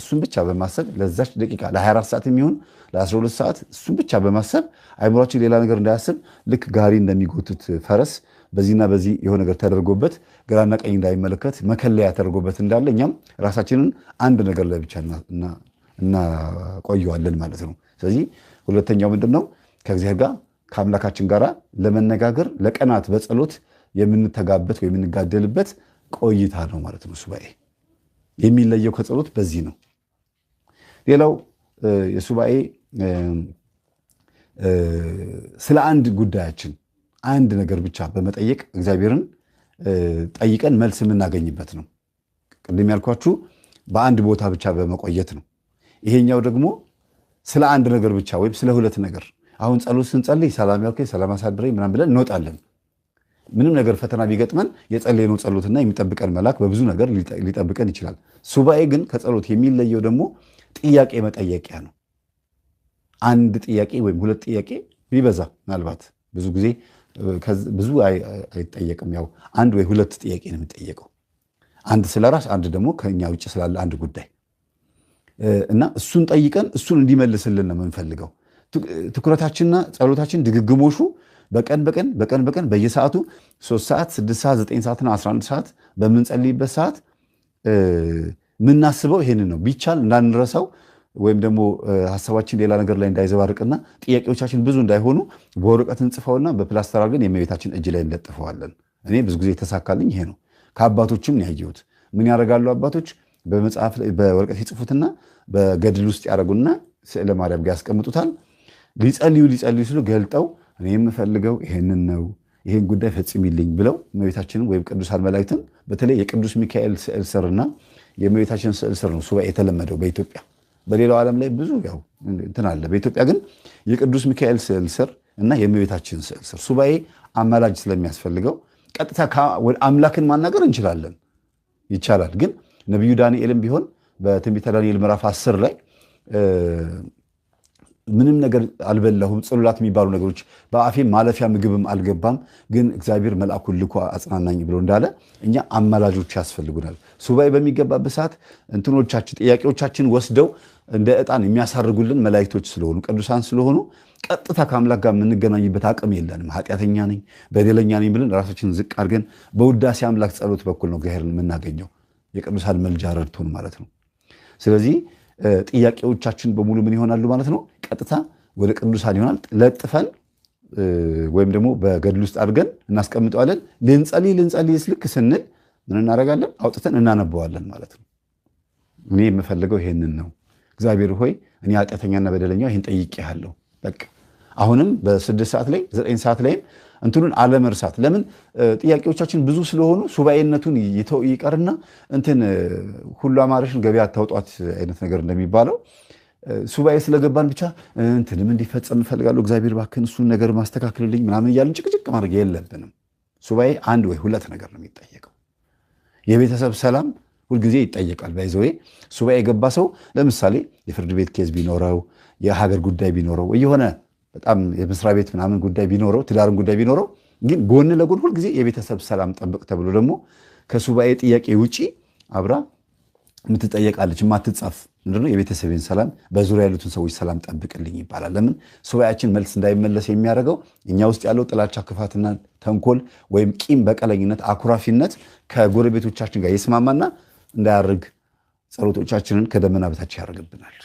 እሱን ብቻ በማሰብ ለዛች ደቂቃ ለ24 ሰዓት የሚሆን ለ12 ሰዓት እሱን ብቻ በማሰብ አይምሯችን ሌላ ነገር እንዳያስብ ልክ ጋሪ እንደሚጎቱት ፈረስ በዚህና በዚህ የሆነ ነገር ተደርጎበት ግራና ቀኝ እንዳይመለከት መከለያ ተደርጎበት እንዳለ እኛም ራሳችንን አንድ ነገር ላይ ብቻ እናቆየዋለን ማለት ነው። ስለዚህ ሁለተኛው ምንድን ነው? ከእግዚአብሔር ጋር ከአምላካችን ጋር ለመነጋገር ለቀናት በጸሎት የምንተጋበት ወይ የምንጋደልበት ቆይታ ነው ማለት ነው ሱባኤ። የሚለየው ከጸሎት በዚህ ነው። ሌላው የሱባኤ ስለ አንድ ጉዳያችን አንድ ነገር ብቻ በመጠየቅ እግዚአብሔርን ጠይቀን መልስ የምናገኝበት ነው። ቅድም ያልኳችሁ በአንድ ቦታ ብቻ በመቆየት ነው። ይሄኛው ደግሞ ስለ አንድ ነገር ብቻ ወይም ስለ ሁለት ነገር አሁን ጸሎት ስንጸልይ ሰላም ያልከኝ ሰላም አሳድረኝ ምናምን ብለን እንወጣለን። ምንም ነገር ፈተና ቢገጥመን የጸለይነው ጸሎትና የሚጠብቀን መልአክ በብዙ ነገር ሊጠብቀን ይችላል። ሱባኤ ግን ከጸሎት የሚለየው ደግሞ ጥያቄ መጠየቂያ ነው። አንድ ጥያቄ ወይም ሁለት ጥያቄ ቢበዛ ምናልባት ብዙ ጊዜ ብዙ አይጠየቅም። ያው አንድ ወይ ሁለት ጥያቄ ነው የሚጠየቀው፣ አንድ ስለ ራስ፣ አንድ ደግሞ ከኛ ውጭ ስላለ አንድ ጉዳይ እና እሱን ጠይቀን እሱን እንዲመልስልን ነው የምንፈልገው። ትኩረታችንና ጸሎታችን ድግግሞሹ በቀን በቀን በቀን በቀን በየሰዓቱ ሶስት ሰዓት ስድስት ሰዓት ዘጠኝ ሰዓትና አስራ አንድ ሰዓት በምንጸልይበት ሰዓት የምናስበው ይሄንን ነው። ቢቻል እንዳንረሳው ወይም ደግሞ ሀሳባችን ሌላ ነገር ላይ እንዳይዘባርቅና ጥያቄዎቻችን ብዙ እንዳይሆኑ በወረቀት እንጽፈውና በፕላስተር አድርገን የእመቤታችን እጅ ላይ እንለጥፈዋለን። እኔ ብዙ ጊዜ የተሳካልኝ ይሄ ነው። ከአባቶችም ያየሁት ምን ያደርጋሉ አባቶች በመጽሐፍ በወረቀት ይጽፉትና በገድል ውስጥ ያደርጉና ስዕለ ማርያም ጋር ያስቀምጡታል። ሊጸልዩ ሊጸልዩ ሲሉ ገልጠው እኔ የምፈልገው ይሄንን ነው፣ ይሄን ጉዳይ ፈጽሚልኝ ብለው እመቤታችንን ወይም ቅዱሳን መላእክትን በተለይ የቅዱስ ሚካኤል ስዕል ስርና የእመቤታችን ስዕል ስር ነው ሱባኤ የተለመደው በኢትዮጵያ። በሌላው ዓለም ላይ ብዙ ያው እንትን አለ። በኢትዮጵያ ግን የቅዱስ ሚካኤል ስዕል ስር እና የእመቤታችን ስዕል ስር ሱባኤ አማላጅ ስለሚያስፈልገው ቀጥታ አምላክን ማናገር እንችላለን፣ ይቻላል። ግን ነቢዩ ዳንኤልም ቢሆን በትንቢተ ዳንኤል ምዕራፍ 10 ላይ ምንም ነገር አልበላሁም። ጽሉላት የሚባሉ ነገሮች በአፌ ማለፊያ ምግብም አልገባም፣ ግን እግዚአብሔር መልአኩ ልኮ አጽናናኝ ብሎ እንዳለ እኛ አማላጆች ያስፈልጉናል። ሱባኤ በሚገባበት ሰዓት እንትኖቻችን ጥያቄዎቻችን ወስደው እንደ ዕጣን የሚያሳርጉልን መላእክቶች ስለሆኑ ቅዱሳን ስለሆኑ ቀጥታ ከአምላክ ጋር የምንገናኝበት አቅም የለንም። ኃጢአተኛ ነኝ በደለኛ ነኝ ብለን ራሳችን ዝቅ አድርገን በውዳሴ አምላክ ጸሎት በኩል ነው እግዚአብሔርን የምናገኘው። የቅዱሳን መልጃ ረድቶን ማለት ነው። ስለዚህ ጥያቄዎቻችን በሙሉ ምን ይሆናሉ ማለት ነው ቀጥታ ወደ ቅዱሳን ይሆናል ለጥፈን ወይም ደግሞ በገድል ውስጥ አድርገን እናስቀምጠዋለን። ልንጸልይ ልንጸልይ ስልክ ስንል ምን እናደርጋለን? አውጥተን እናነበዋለን ማለት ነው። እኔ የምፈልገው ይሄንን ነው። እግዚአብሔር ሆይ እኔ ኃጢአተኛና በደለኛ ይህን ጠይቄሃለሁ። በቃ አሁንም በስድስት ሰዓት ላይ ዘጠኝ ሰዓት ላይም እንትኑን አለመርሳት። ለምን ጥያቄዎቻችን ብዙ ስለሆኑ ሱባኤነቱን ይተው ይቀርና እንትን ሁሉ አማረሽን ገበያ ታውጧት አይነት ነገር እንደሚባለው ሱባኤ ስለገባን ብቻ እንትንም እንዲፈጸም እፈልጋለሁ፣ እግዚአብሔር እባክህን እሱን ነገር ማስተካከልልኝ ምናምን እያልን ጭቅጭቅ ማድረግ የለብንም። ሱባኤ አንድ ወይ ሁለት ነገር ነው የሚጠየቀው። የቤተሰብ ሰላም ሁልጊዜ ይጠየቃል። ባይዘዌ ሱባኤ የገባ ሰው ለምሳሌ የፍርድ ቤት ኬዝ ቢኖረው፣ የሀገር ጉዳይ ቢኖረው፣ የሆነ በጣም የመስሪያ ቤት ምናምን ጉዳይ ቢኖረው፣ ትዳርን ጉዳይ ቢኖረው፣ ግን ጎን ለጎን ሁልጊዜ የቤተሰብ ሰላም ጠብቅ ተብሎ ደግሞ ከሱባኤ ጥያቄ ውጪ አብራ የምትጠየቃለች የማትጻፍ ምንድነው? የቤተሰብን ሰላም፣ በዙሪያ ያሉትን ሰዎች ሰላም ጠብቅልኝ ይባላል። ለምን ሱባኤያችን መልስ እንዳይመለስ የሚያደርገው እኛ ውስጥ ያለው ጥላቻ፣ ክፋትና ተንኮል ወይም ቂም በቀለኝነት፣ አኩራፊነት ከጎረቤቶቻችን ጋር የስማማና እንዳያደርግ ጸሎቶቻችንን ከደመና በታች ያደርግብናል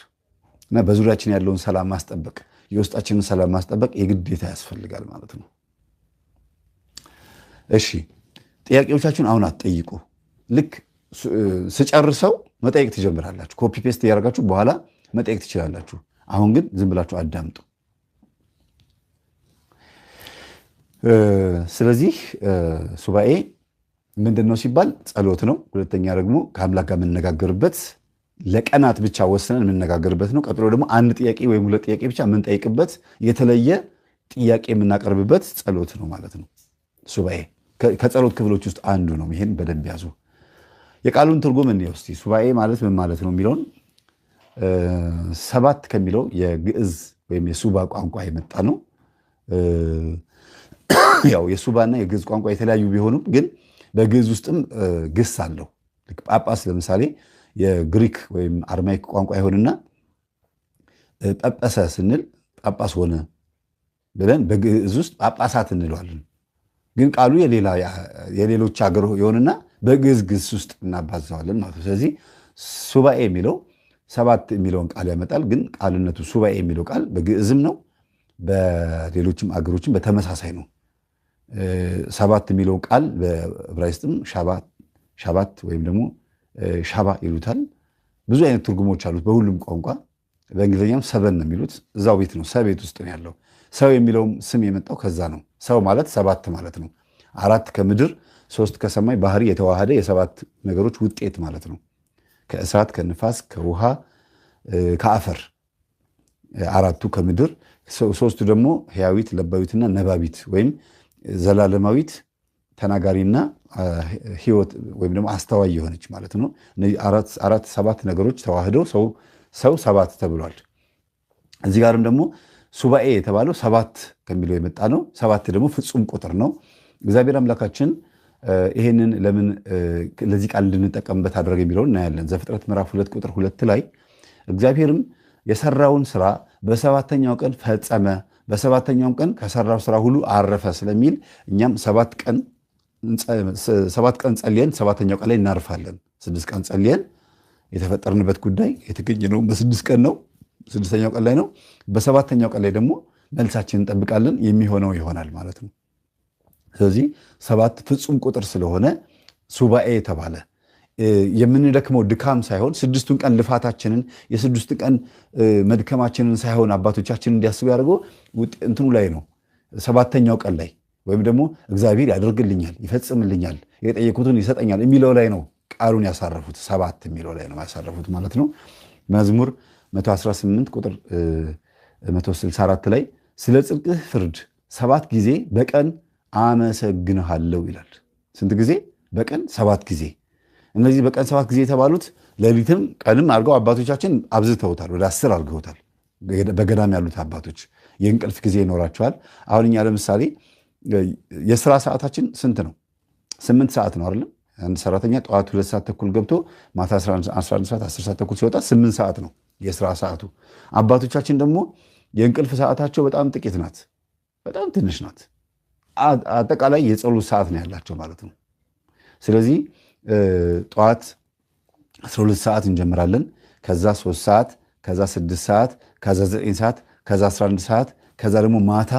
እና በዙሪያችን ያለውን ሰላም ማስጠበቅ፣ የውስጣችንን ሰላም ማስጠበቅ የግዴታ ያስፈልጋል ማለት ነው። እሺ ጥያቄዎቻችሁን አሁን አትጠይቁ። ልክ ስጨርሰው መጠየቅ ትጀምራላችሁ። ኮፒ ፔስት እያደረጋችሁ በኋላ መጠየቅ ትችላላችሁ። አሁን ግን ዝም ብላችሁ አዳምጡ። ስለዚህ ሱባኤ ምንድን ነው ሲባል ጸሎት ነው። ሁለተኛ ደግሞ ከአምላክ ጋር የምንነጋገርበት ለቀናት ብቻ ወስነን የምንነጋገርበት ነው። ቀጥሎ ደግሞ አንድ ጥያቄ ወይም ሁለት ጥያቄ ብቻ የምንጠይቅበት የተለየ ጥያቄ የምናቀርብበት ጸሎት ነው ማለት ነው። ሱባኤ ከጸሎት ክፍሎች ውስጥ አንዱ ነው። ይህን በደንብ ያዙ። የቃሉን ትርጉም እንየው ውስ ሱባኤ ማለት ምን ማለት ነው የሚለውን ሰባት ከሚለው የግዕዝ ወይም የሱባ ቋንቋ የመጣ ነው። ያው የሱባና የግዕዝ ቋንቋ የተለያዩ ቢሆኑም ግን በግዕዝ ውስጥም ግስ አለው። ጳጳስ ለምሳሌ የግሪክ ወይም አርማይክ ቋንቋ ይሆንና ጠጠሰ ስንል ጳጳስ ሆነ ብለን በግዕዝ ውስጥ ጳጳሳት እንለዋለን። ግን ቃሉ የሌሎች ሀገር ይሆንና በግዝግዝ ውስጥ እናባዘዋለን ማለት ነው። ስለዚህ ሱባኤ የሚለው ሰባት የሚለውን ቃል ያመጣል። ግን ቃልነቱ ሱባኤ የሚለው ቃል በግዕዝም ነው በሌሎችም አገሮችም በተመሳሳይ ነው። ሰባት የሚለው ቃል በዕብራይስጥም ሻባት ወይም ደግሞ ሻባ ይሉታል። ብዙ አይነት ትርጉሞች አሉት በሁሉም ቋንቋ። በእንግሊዝኛም ሰበን ነው የሚሉት። እዛው ቤት ነው ሰቤት ውስጥ ነው ያለው። ሰው የሚለውም ስም የመጣው ከዛ ነው። ሰው ማለት ሰባት ማለት ነው። አራት ከምድር ሶስት ከሰማይ ባህሪ የተዋሃደ የሰባት ነገሮች ውጤት ማለት ነው። ከእሳት፣ ከንፋስ፣ ከውሃ፣ ከአፈር አራቱ ከምድር ሶስቱ ደግሞ ህያዊት ለባዊትና ነባቢት ወይም ዘላለማዊት ተናጋሪና ህይወት ወይም ደግሞ አስተዋይ የሆነች ማለት ነው። አራት ሰባት ነገሮች ተዋህደው ሰው ሰባት ተብሏል። እዚህ ጋርም ደግሞ ሱባኤ የተባለው ሰባት ከሚለው የመጣ ነው። ሰባት ደግሞ ፍጹም ቁጥር ነው። እግዚአብሔር አምላካችን ይሄንን ለምን ለዚህ ቃል እንድንጠቀምበት አድረግ የሚለውን እናያለን። ዘፍጥረት ምዕራፍ ሁለት ቁጥር ሁለት ላይ እግዚአብሔርም የሰራውን ስራ በሰባተኛው ቀን ፈጸመ፣ በሰባተኛውም ቀን ከሰራው ስራ ሁሉ አረፈ ስለሚል እኛም ሰባት ቀን ሰባት ቀን ጸልየን ሰባተኛው ቀን ላይ እናርፋለን። ስድስት ቀን ጸልየን የተፈጠርንበት ጉዳይ የተገኘነው በስድስት ቀን ነው፣ ስድስተኛው ቀን ላይ ነው። በሰባተኛው ቀን ላይ ደግሞ መልሳችን እንጠብቃለን፣ የሚሆነው ይሆናል ማለት ነው። ስለዚህ ሰባት ፍጹም ቁጥር ስለሆነ ሱባኤ የተባለ የምንደክመው ድካም ሳይሆን ስድስቱን ቀን ልፋታችንን የስድስቱ ቀን መድከማችንን ሳይሆን አባቶቻችን እንዲያስቡ ያደርገው እንትኑ ላይ ነው። ሰባተኛው ቀን ላይ ወይም ደግሞ እግዚአብሔር ያደርግልኛል፣ ይፈጽምልኛል፣ የጠየኩትን ይሰጠኛል የሚለው ላይ ነው ቃሉን ያሳረፉት። ሰባት የሚለው ላይ ነው ያሳረፉት ማለት ነው። መዝሙር 118 ቁጥር 164 ላይ ስለ ጽድቅህ ፍርድ ሰባት ጊዜ በቀን አመሰግንሃለሁ ይላል። ስንት ጊዜ? በቀን ሰባት ጊዜ። እነዚህ በቀን ሰባት ጊዜ የተባሉት ሌሊትም ቀንም አድርገው አባቶቻችን አብዝተውታል። ወደ አስር አድርገውታል። በገዳም ያሉት አባቶች የእንቅልፍ ጊዜ ይኖራቸዋል። አሁን እኛ ለምሳሌ የስራ ሰዓታችን ስንት ነው? ስምንት ሰዓት ነው አይደለም? አንድ ሰራተኛ ጠዋት ሁለት ሰዓት ተኩል ገብቶ ማታ 11 ሰዓት 10 ሰዓት ተኩል ሲወጣ ስምንት ሰዓት ነው የስራ ሰዓቱ። አባቶቻችን ደግሞ የእንቅልፍ ሰዓታቸው በጣም ጥቂት ናት፣ በጣም ትንሽ ናት። አጠቃላይ የጸሎት ሰዓት ነው ያላቸው ማለት ነው። ስለዚህ ጠዋት 12 ሰዓት እንጀምራለን። ከዛ 3 ሰዓት፣ ከዛ 6 ሰዓት፣ ከዛ 9 ሰዓት፣ ከዛ 11 ሰዓት፣ ከዛ ደግሞ ማታ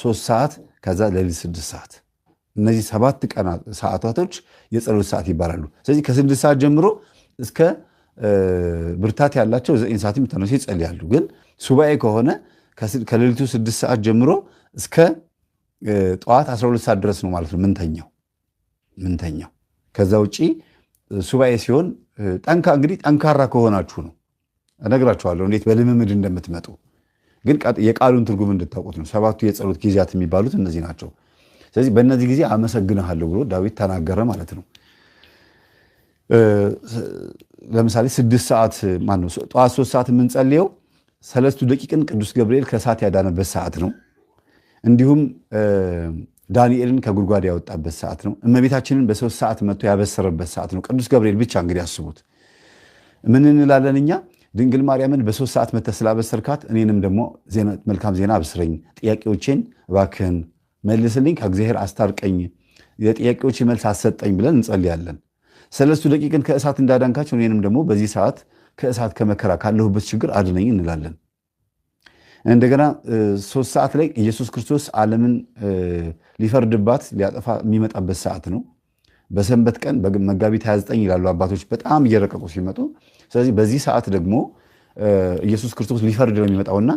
3 ሰዓት፣ ከዛ ሌሊት 6 ሰዓት። እነዚህ ሰባት ቀን ሰዓታቶች የጸሎት ሰዓት ይባላሉ። ስለዚህ ከ6 ሰዓት ጀምሮ እስከ ብርታት ያላቸው ዘጠኝ ሰዓትም ተነሱ ይጸልያሉ። ግን ሱባኤ ከሆነ ከሌሊቱ ስድስት ሰዓት ጀምሮ እስከ ጠዋት 12 ሰዓት ድረስ ነው ማለት ነው ምንተኛው ምንተኛው። ከዛ ውጭ ሱባኤ ሲሆን እንግዲህ ጠንካራ ከሆናችሁ ነው። እነግራችኋለሁ እንዴት በልምምድ እንደምትመጡ ግን የቃሉን ትርጉም እንድታውቁት ነው። ሰባቱ የጸሎት ጊዜያት የሚባሉት እነዚህ ናቸው። ስለዚህ በእነዚህ ጊዜ አመሰግንሃለሁ ብሎ ዳዊት ተናገረ ማለት ነው። ለምሳሌ ስድስት ሰዓት ማነው ጠዋት ሶስት ሰዓት የምንጸልየው ሰለስቱ ደቂቅን ቅዱስ ገብርኤል ከእሳት ያዳነበት ሰዓት ነው። እንዲሁም ዳንኤልን ከጉድጓድ ያወጣበት ሰዓት ነው። እመቤታችንን በሶስት ሰዓት መጥቶ ያበሰረበት ሰዓት ነው። ቅዱስ ገብርኤል ብቻ እንግዲህ አስቡት። ምን እንላለን እኛ? ድንግል ማርያምን በሶስት ሰዓት መጥተህ ስላበሰርካት እኔንም ደግሞ መልካም ዜና አብስረኝ፣ ጥያቄዎቼን እባክህን መልስልኝ፣ ከእግዚአብሔር አስታርቀኝ፣ የጥያቄዎች መልስ አሰጠኝ ብለን እንጸልያለን። ሰለስቱ ደቂቅን ከእሳት እንዳዳንካቸው እኔንም ደግሞ በዚህ ሰዓት ከእሳት ከመከራ ካለሁበት ችግር አድነኝ እንላለን። እንደገና ሶስት ሰዓት ላይ ኢየሱስ ክርስቶስ ዓለምን ሊፈርድባት ሊያጠፋ የሚመጣበት ሰዓት ነው። በሰንበት ቀን መጋቢት 29 ይላሉ አባቶች በጣም እየረቀቁ ሲመጡ። ስለዚህ በዚህ ሰዓት ደግሞ ኢየሱስ ክርስቶስ ሊፈርድ ነው የሚመጣውና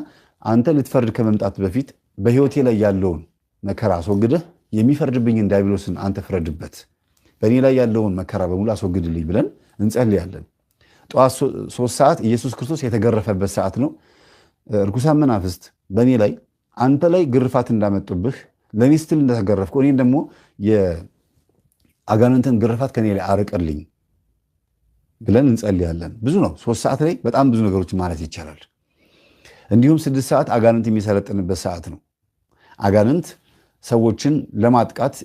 አንተ ልትፈርድ ከመምጣት በፊት በህይወቴ ላይ ያለውን መከራ አስወግደህ የሚፈርድብኝን ዲያብሎስን አንተ ፍረድበት፣ በእኔ ላይ ያለውን መከራ በሙሉ አስወግድልኝ ብለን እንጸልያለን። ጠዋት ሶስት ሰዓት ኢየሱስ ክርስቶስ የተገረፈበት ሰዓት ነው። እርኩሳን መናፍስት በእኔ ላይ አንተ ላይ ግርፋት እንዳመጡብህ ለእኔ ስትል እንደተገረፍኩ እኔን ደግሞ የአጋንንትን ግርፋት ከኔ ላይ አርቅልኝ ብለን እንጸልያለን። ብዙ ነው። ሶስት ሰዓት ላይ በጣም ብዙ ነገሮች ማለት ይቻላል። እንዲሁም ስድስት ሰዓት አጋንንት የሚሰለጥንበት ሰዓት ነው። አጋንንት ሰዎችን ለማጥቃት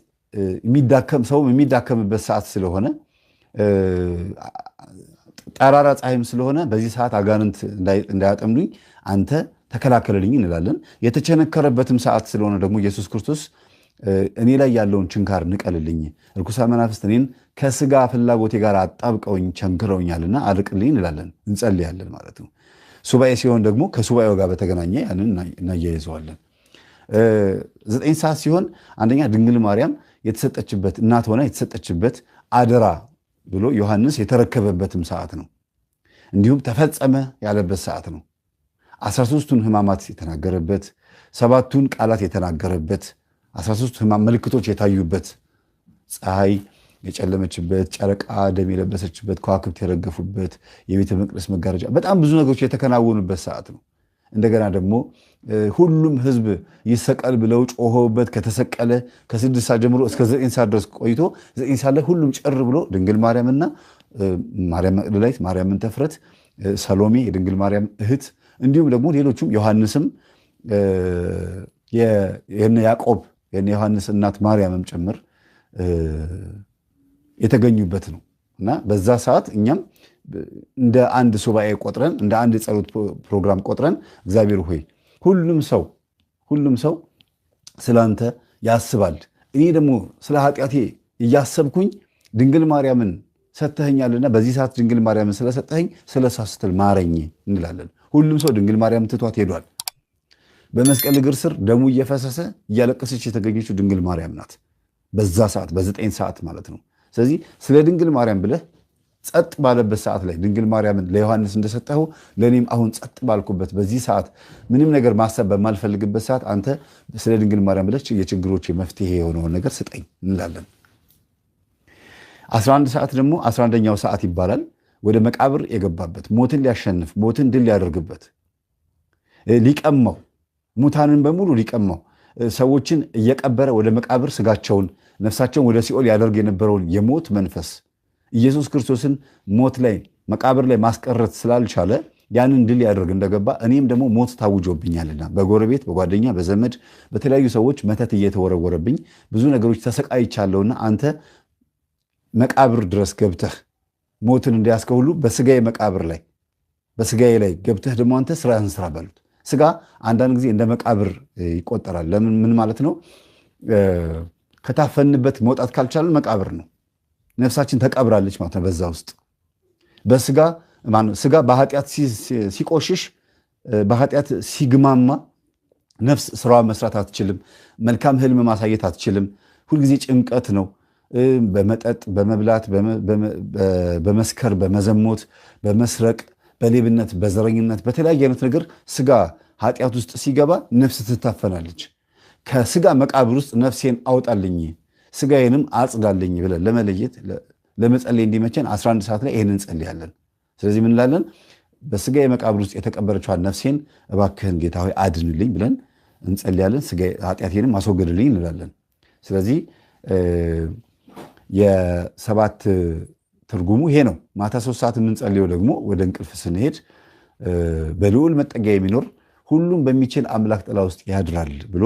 ሰው የሚዳከምበት ሰዓት ስለሆነ ጠራራ ፀሐይም ስለሆነ በዚህ ሰዓት አጋንንት እንዳያጠምዱኝ አንተ ተከላከልልኝ እንላለን። የተቸነከረበትም ሰዓት ስለሆነ ደግሞ ኢየሱስ ክርስቶስ እኔ ላይ ያለውን ችንካር ንቀልልኝ፣ ርኩሳን መናፍስት እኔን ከስጋ ፍላጎቴ ጋር አጣብቀውኝ ቸንክረውኛልና አርቅልኝ እንላለን፣ እንጸልያለን ማለት ነው። ሱባኤ ሲሆን ደግሞ ከሱባኤው ጋር በተገናኘ ያንን እናያይዘዋለን። ዘጠኝ ሰዓት ሲሆን አንደኛ ድንግል ማርያም የተሰጠችበት እናት ሆና የተሰጠችበት አደራ ብሎ ዮሐንስ የተረከበበትም ሰዓት ነው። እንዲሁም ተፈጸመ ያለበት ሰዓት ነው። አስራሶስቱን ህማማት የተናገረበት፣ ሰባቱን ቃላት የተናገረበት፣ 13 ሕማም ምልክቶች የታዩበት፣ ፀሐይ የጨለመችበት፣ ጨረቃ ደም የለበሰችበት፣ ከዋክብት የረገፉበት፣ የቤተ መቅደስ መጋረጃ፣ በጣም ብዙ ነገሮች የተከናወኑበት ሰዓት ነው። እንደገና ደግሞ ሁሉም ህዝብ ይሰቀል ብለው ጮሆበት ከተሰቀለ ከስድስት ሰዓት ጀምሮ እስከ ዘጠኝ ሰዓት ድረስ ቆይቶ ዘጠኝ ሰዓት ላይ ሁሉም ጭር ብሎ ድንግል ማርያምና ማርያም መቅደላዊት፣ ማርያምን ተፍረት ሰሎሜ የድንግል ማርያም እህት እንዲሁም ደግሞ ሌሎቹም ዮሐንስም የነ ያዕቆብ የነ ዮሐንስ እናት ማርያምም ጭምር የተገኙበት ነው እና በዛ ሰዓት እኛም እንደ አንድ ሱባኤ ቆጥረን እንደ አንድ የጸሎት ፕሮግራም ቆጥረን እግዚአብሔር ሆይ ሁሉም ሰው ሁሉም ሰው ስላንተ ያስባል፣ እኔ ደግሞ ስለ ኃጢአቴ እያሰብኩኝ ድንግል ማርያምን ሰጥተኸኛልና በዚህ ሰዓት ድንግል ማርያምን ስለሰጠኸኝ ስለሷ ስትል ማረኝ እንላለን። ሁሉም ሰው ድንግል ማርያም ትቷት ሄዷል። በመስቀል እግር ስር ደሙ እየፈሰሰ እያለቀሰች የተገኘችው ድንግል ማርያም ናት። በዛ ሰዓት በዘጠኝ ሰዓት ማለት ነው። ስለዚህ ስለ ድንግል ማርያም ብለህ ጸጥ ባለበት ሰዓት ላይ ድንግል ማርያምን ለዮሐንስ እንደሰጠው ለእኔም አሁን ጸጥ ባልኩበት በዚህ ሰዓት ምንም ነገር ማሰብ በማልፈልግበት ሰዓት አንተ ስለ ድንግል ማርያም ብለች የችግሮች መፍትሄ የሆነውን ነገር ስጠኝ እንላለን። 11 ሰዓት ደግሞ 11ኛው ሰዓት ይባላል። ወደ መቃብር የገባበት ሞትን ሊያሸንፍ ሞትን ድል ሊያደርግበት ሊቀማው ሙታንን በሙሉ ሊቀማው ሰዎችን እየቀበረ ወደ መቃብር ስጋቸውን ነፍሳቸውን ወደ ሲኦል ያደርግ የነበረውን የሞት መንፈስ ኢየሱስ ክርስቶስን ሞት ላይ መቃብር ላይ ማስቀረት ስላልቻለ ያንን ድል ያደርግ እንደገባ እኔም ደግሞ ሞት ታውጆብኛልና በጎረቤት በጓደኛ በዘመድ በተለያዩ ሰዎች መተት እየተወረወረብኝ ብዙ ነገሮች ተሰቃይቻለሁና አንተ መቃብር ድረስ ገብተህ ሞትን እንዳያስከ ሁሉ በስጋዬ መቃብር ላይ በስጋዬ ላይ ገብተህ ደግሞ አንተ ስራህን ስራ በሉት። ስጋ አንዳንድ ጊዜ እንደ መቃብር ይቆጠራል። ለምን ምን ማለት ነው? ከታፈንበት መውጣት ካልቻለን መቃብር ነው። ነፍሳችን ተቀብራለች ማለት ነው። በዛ ውስጥ በስጋ ስጋ በኃጢአት ሲቆሽሽ በኃጢአት ሲግማማ ነፍስ ስራዋን መስራት አትችልም። መልካም ህልም ማሳየት አትችልም። ሁልጊዜ ጭንቀት ነው። በመጠጥ፣ በመብላት፣ በመስከር፣ በመዘሞት፣ በመስረቅ፣ በሌብነት፣ በዘረኝነት፣ በተለያየ አይነት ነገር ስጋ ኃጢአት ውስጥ ሲገባ ነፍስ ትታፈናለች። ከስጋ መቃብር ውስጥ ነፍሴን አውጣልኝ ስጋዬንም አጽዳልኝ ብለን ለመለየት ለመጸለይ እንዲመቸን 11 ሰዓት ላይ ይህን እንጸልያለን። ስለዚህ ምን እንላለን? በስጋ መቃብር ውስጥ የተቀበረችዋን ነፍሴን እባክህን ጌታ ሆይ አድንልኝ ብለን እንጸልያለን። ኃጢአቴንም አስወገድልኝ እንላለን። ስለዚህ የሰባት ትርጉሙ ይሄ ነው። ማታ ሶስት ሰዓት የምንጸልየው ደግሞ ወደ እንቅልፍ ስንሄድ በልዑል መጠጊያ የሚኖር ሁሉም በሚችል አምላክ ጥላ ውስጥ ያድራል ብሎ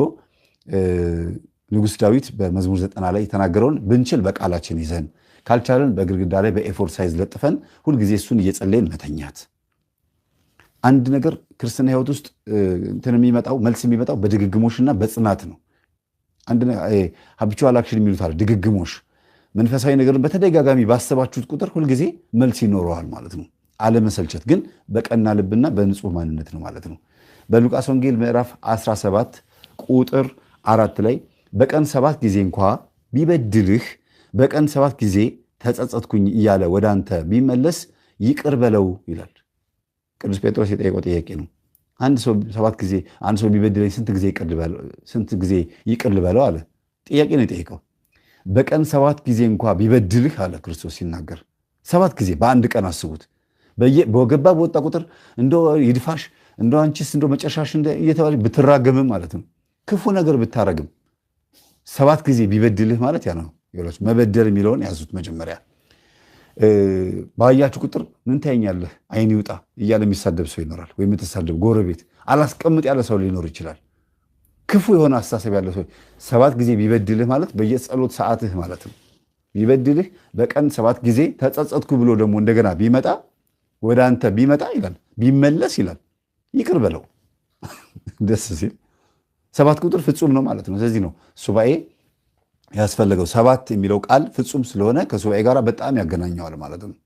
ንጉሥ ዳዊት በመዝሙር ዘጠና ላይ የተናገረውን ብንችል በቃላችን ይዘን ካልቻለን በግድግዳ ላይ በኤፎር ሳይዝ ለጥፈን ሁልጊዜ እሱን እየጸለይን መተኛት። አንድ ነገር ክርስትና ህይወት ውስጥ እንትን የሚመጣው መልስ የሚመጣው በድግግሞሽና በጽናት ነው። ሀብቹዋል አክሽን የሚሉት ድግግሞሽ መንፈሳዊ ነገርን በተደጋጋሚ ባሰባችሁት ቁጥር ሁልጊዜ መልስ ይኖረዋል ማለት ነው። አለመሰልቸት ግን በቀና ልብና በንጹህ ማንነት ነው ማለት ነው። በሉቃስ ወንጌል ምዕራፍ 17 ቁጥር አራት ላይ በቀን ሰባት ጊዜ እንኳ ቢበድልህ በቀን ሰባት ጊዜ ተጸጸትኩኝ እያለ ወደ አንተ ቢመለስ ይቅር በለው ይላል። ቅዱስ ጴጥሮስ የጠየቀው ጥያቄ ነው። አንድ ሰው ሰባት ጊዜ አንድ ሰው ቢበድለኝ ስንት ጊዜ ይቅር ልበለው አለ? ጥያቄ ነው የጠየቀው። በቀን ሰባት ጊዜ እንኳ ቢበድልህ አለ ክርስቶስ ሲናገር፣ ሰባት ጊዜ በአንድ ቀን አስቡት። በገባ በወጣ ቁጥር እንደ ይድፋሽ እንደ አንቺስ እንደ መጨረሻሽ እየተባለ ብትራገምም ማለት ነው ክፉ ነገር ብታረግም ሰባት ጊዜ ቢበድልህ ማለት ያ ነው። መበደል የሚለውን ያዙት መጀመሪያ። ባያችሁ ቁጥር ምን ታየኛለህ፣ አይን ይውጣ እያለ የሚሳደብ ሰው ይኖራል። ወይም የተሳደብ ጎረቤት፣ አላስቀምጥ ያለ ሰው ሊኖር ይችላል። ክፉ የሆነ አስተሳሰብ ያለው ሰው ሰባት ጊዜ ቢበድልህ ማለት በየጸሎት ሰዓትህ ማለት ነው። ቢበድልህ በቀን ሰባት ጊዜ ተጸጸትኩ ብሎ ደግሞ እንደገና ቢመጣ ወደ አንተ ቢመጣ ይላል ቢመለስ ይላል ይቅር በለው ደስ ሲል ሰባት ቁጥር ፍጹም ነው ማለት ነው። ስለዚህ ነው ሱባኤ ያስፈለገው ሰባት የሚለው ቃል ፍጹም ስለሆነ ከሱባኤ ጋር በጣም ያገናኘዋል ማለት ነው።